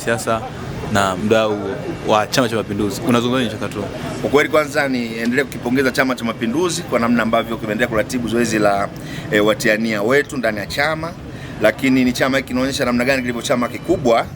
wanasiasa na mdau wa Chama cha Mapinduzi, unazungumzaje Chakato? Kwa kweli kwanza endelee kukipongeza Chama cha Mapinduzi kwa namna ambavyo kimeendelea kuratibu zoezi la e, watiania wetu ndani ya chama, lakini ni chama hiki kinaonyesha namna gani kilivyo chama kikubwa,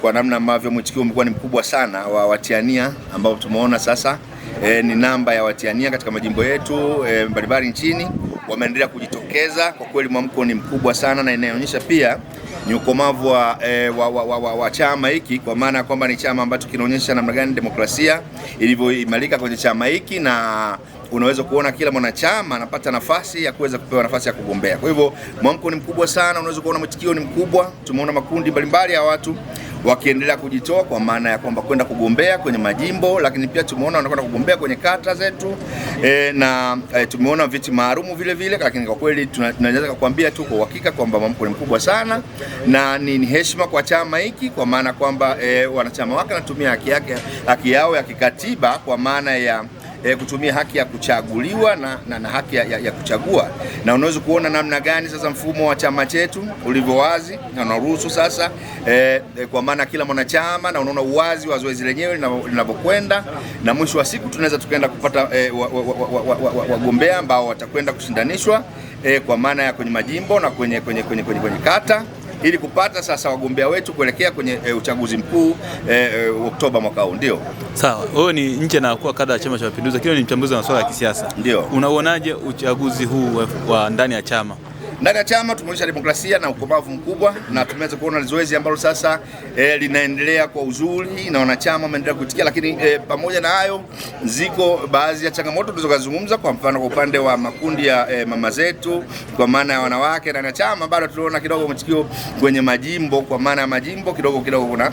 kwa namna ambavyo mwitikio umekuwa ni mkubwa sana wa watiania ambao tumeona sasa e, ni namba ya watiania katika majimbo yetu e, mbalimbali nchini wameendelea kujitokeza. Kwa kweli mwamko ni mkubwa sana na inaonyesha pia ni ukomavu wa, e, wa, wa, wa, wa, wa chama hiki kwa maana ya kwamba ni chama ambacho kinaonyesha namna gani demokrasia ilivyoimarika kwenye chama hiki na unaweza kuona kila mwanachama anapata nafasi ya kuweza kupewa nafasi ya kugombea. Kwa hivyo mwamko ni mkubwa sana, unaweza kuona mwitikio ni mkubwa. Tumeona makundi mbalimbali ya watu wakiendelea kujitoa kwa maana ya kwamba kwenda kugombea kwenye majimbo, lakini pia tumeona wanakwenda kugombea kwenye kata zetu e, na e, tumeona viti maalum vile vile, lakini kwa kweli tunaweza kukuambia tu kwa uhakika kwamba mwamko ni mkubwa sana na ni, ni heshima kwa chama hiki kwa maana kwamba e, wanachama wake wanatumia haki yake haki yao ya kikatiba kwa maana ya e, kutumia haki ya kuchaguliwa na, na, na haki ya, ya kuchagua, na unaweza kuona namna gani sasa mfumo wa chama chetu ulivyo wazi na unaruhusu sasa e, e, kwa maana kila mwanachama, na unaona uwazi wa zoezi lenyewe linavyokwenda, na mwisho wa siku tunaweza tukaenda kupata e, wagombea ambao watakwenda kushindanishwa e, kwa maana ya kwenye majimbo na kwenye, kwenye, kwenye, kwenye, kwenye kata ili kupata sasa wagombea wetu kuelekea kwenye e, uchaguzi mkuu e, e, Oktoba mwaka huu. Ndio sawa, wewe ni nje na kuwa kada ya Chama cha Mapinduzi, lakini ni mchambuzi wa masuala ya kisiasa. Ndio, unauonaje uchaguzi huu wa ndani ya chama? Ndani ya chama tumeonyesha demokrasia na ukomavu mkubwa, na tumeweza kuona zoezi ambalo sasa e, linaendelea kwa uzuri na wanachama wameendelea kuitikia, lakini e, pamoja na hayo ziko baadhi ya changamoto tulizozungumza, kwa mfano kwa upande wa makundi ya e, mama zetu kwa maana ya wanawake ndani ya chama bado tuliona kidogo mwitikio kwenye majimbo, kwa maana ya majimbo kidogo kidogo kuna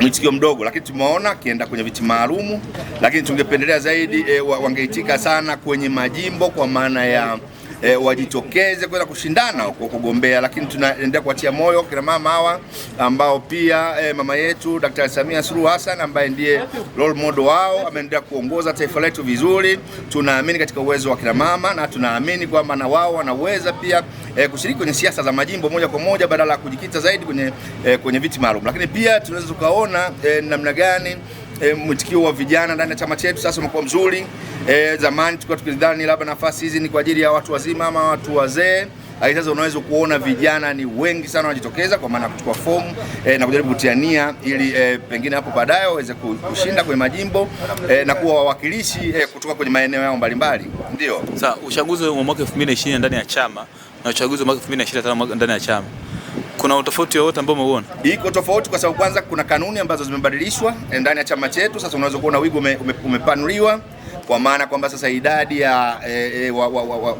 mwitikio mdogo, lakini tumeona akienda kwenye viti maalum, lakini tungependelea zaidi e, wangeitika sana kwenye majimbo kwa maana ya e, wajitokeze kwenda kushindana kwa kugombea, lakini tunaendelea kuwatia moyo kina mama hawa ambao pia e, mama yetu Daktari Samia Suluhu Hassan ambaye ndiye role model wao ameendelea kuongoza taifa letu vizuri. Tunaamini katika uwezo wa kina mama na tunaamini kwamba na wao wanaweza pia e, kushiriki kwenye siasa za majimbo moja kwa moja badala ya kujikita zaidi kwenye, e, kwenye viti maalum, lakini pia tunaweza tukaona e, namna gani E, mwitikio wa vijana ndani ya chama chetu sasa umekuwa mzuri. E, zamani tulikuwa tukidhani labda nafasi hizi ni kwa ajili ya watu wazima ama watu wazee. Sasa unaweza kuona vijana ni wengi sana wanajitokeza kwa maana kuchukua fomu e, na kujaribu kutiania ili e, pengine hapo baadaye waweze kushinda kwenye majimbo e, na kuwa wawakilishi e, kutoka kwenye maeneo yao mbalimbali. Ndio. Sasa uchaguzi wa mwaka 2020 ndani ya chama na uchaguzi wa mwaka 2025 ndani ya chama kuna utofauti wowote ambao umeuona? Iko tofauti kwa sababu kwanza kuna kanuni ambazo zimebadilishwa eh, ndani ya chama chetu. Sasa unaweza kuona wigo ume, ume, umepanuliwa kwa maana kwamba sasa idadi ya e, eh, e, eh,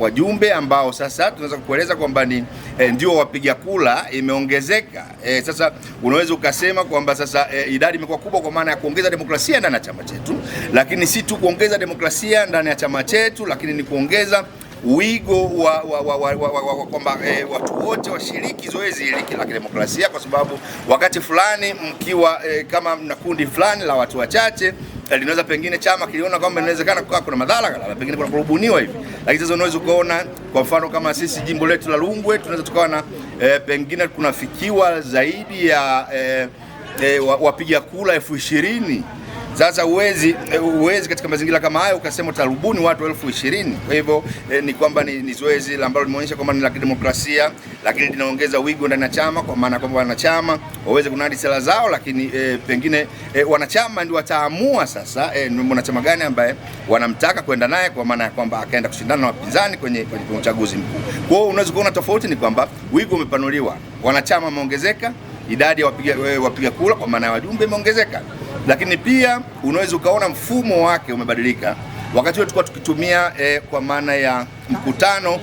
wajumbe wa, wa, wa ambao sasa tunaweza kueleza kwamba ni e, ndio wapiga kula imeongezeka. E, sasa unaweza ukasema kwamba sasa e, idadi imekuwa kubwa kwa maana ya kuongeza demokrasia ndani ya chama chetu, lakini si tu kuongeza demokrasia ndani ya chama chetu, lakini ni kuongeza wigo wa, wa, wa, wa, wa, wa, wa kwamba eh, watu wote washiriki zoezi hili la kidemokrasia, kwa sababu wakati fulani mkiwa eh, kama mna kundi fulani la watu wachache eh, linaweza pengine chama kiliona kwamba inawezekana kukaa kuna madhara labda pengine kuna kurubuniwa hivi, lakini sasa unaweza ukaona, kwa mfano kama sisi jimbo letu la lungwe tunaweza tukawa na e, pengine kunafikiwa zaidi ya e, e, wapiga kura elfu ishirini sasa uwezi, eh, uwezi katika mazingira kama hayo ukasema utarubuni watu elfu ishirini. Kwa hivyo eh, ni kwamba ni, ni zoezi ambalo limeonyesha kwamba ni la kidemokrasia, lakini linaongeza wigo ndani ya chama, kwa maana kwamba wanachama waweze kunadi sera zao, lakini eh, pengine eh, wanachama ndio wataamua sasa eh, ni mwanachama gani ambaye wanamtaka kwenda naye, kwa maana ya kwamba akaenda kushindana na wapinzani kwenye, kwenye uchaguzi mkuu. Kwa hiyo unaweza kuona tofauti ni kwamba wigo umepanuliwa, wanachama wameongezeka, idadi ya wapiga, eh, wapiga kura kwa maana ya wajumbe imeongezeka lakini pia unaweza ukaona mfumo wake umebadilika. Wakati ule tulikuwa tukitumia e, kwa maana ya mkutano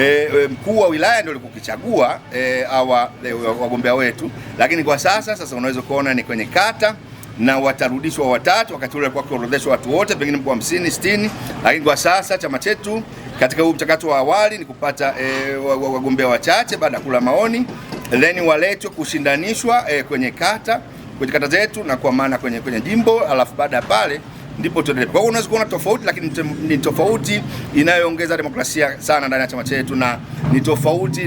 E, mkuu wa wilaya ndio kukichagua e, awa e, wagombea wetu, lakini kwa sasa sasa unaweza kuona ni kwenye kata na watarudishwa watatu. Wakati ule alikuwa akiorodheshwa watu wote pengine mko 50 60, lakini kwa sasa chama chetu katika huu mchakato wa awali ni kupata e, wagombea wachache baada ya kula maoni, then waletwe kushindanishwa e, kwenye kata kwenye kata zetu na kwa maana kwenye, kwenye jimbo, alafu baada ya pale ndipo tuendelee. Kwa hiyo unaweza kuona tofauti, lakini ni tofauti inayoongeza demokrasia sana ndani ya chama chetu, na ni tofauti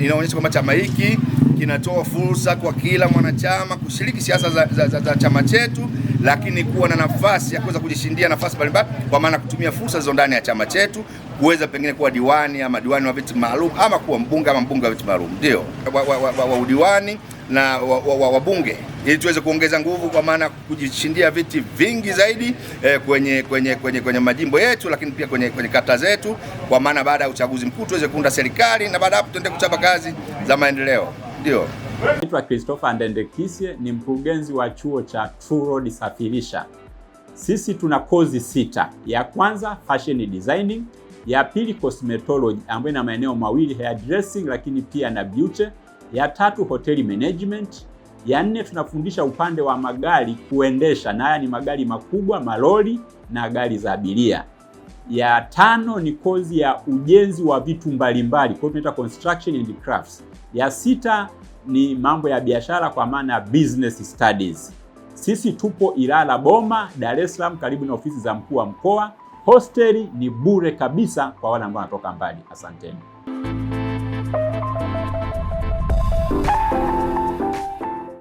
inaonyesha kwamba chama hiki kinatoa fursa kwa kila mwanachama kushiriki siasa za, za, za, za chama chetu, lakini kuwa na nafasi ya kuweza kujishindia nafasi mbalimbali, kwa maana kutumia fursa zilizo ndani ya chama chetu kuweza pengine kuwa diwani ama diwani wa viti maalum ama kuwa mbunge ama mbunge wa viti maalum, ndio wa, wa, wa, wa, wa udiwani na wa, wa, wa wa bunge ili tuweze kuongeza nguvu kwa maana kujishindia viti vingi zaidi eh, kwenye, kwenye, kwenye, kwenye majimbo yetu, lakini pia kwenye, kwenye kata zetu, kwa maana baada ya uchaguzi mkuu tuweze kuunda serikali na baada hapo tuende kuchapa kazi za maendeleo. Ndio. Naitwa Christopher Ndendekisye ni mkurugenzi wa chuo cha True Road Safirisha. Sisi tuna kozi sita. Ya kwanza fashion designing, ya pili cosmetology ambayo ina maeneo mawili hairdressing, lakini pia na beauty. Ya tatu hoteli management ya nne tunafundisha upande wa magari kuendesha, na haya ni magari makubwa, malori na gari za abiria. Ya tano ni kozi ya ujenzi wa vitu mbalimbali, kwa hiyo tunaita construction and crafts. Ya sita ni mambo ya biashara kwa maana business studies. Sisi tupo Ilala Boma, Dar es Salaam, karibu na ofisi za mkuu wa mkoa. Hosteli ni bure kabisa kwa wale ambao wanatoka mbali. Asanteni.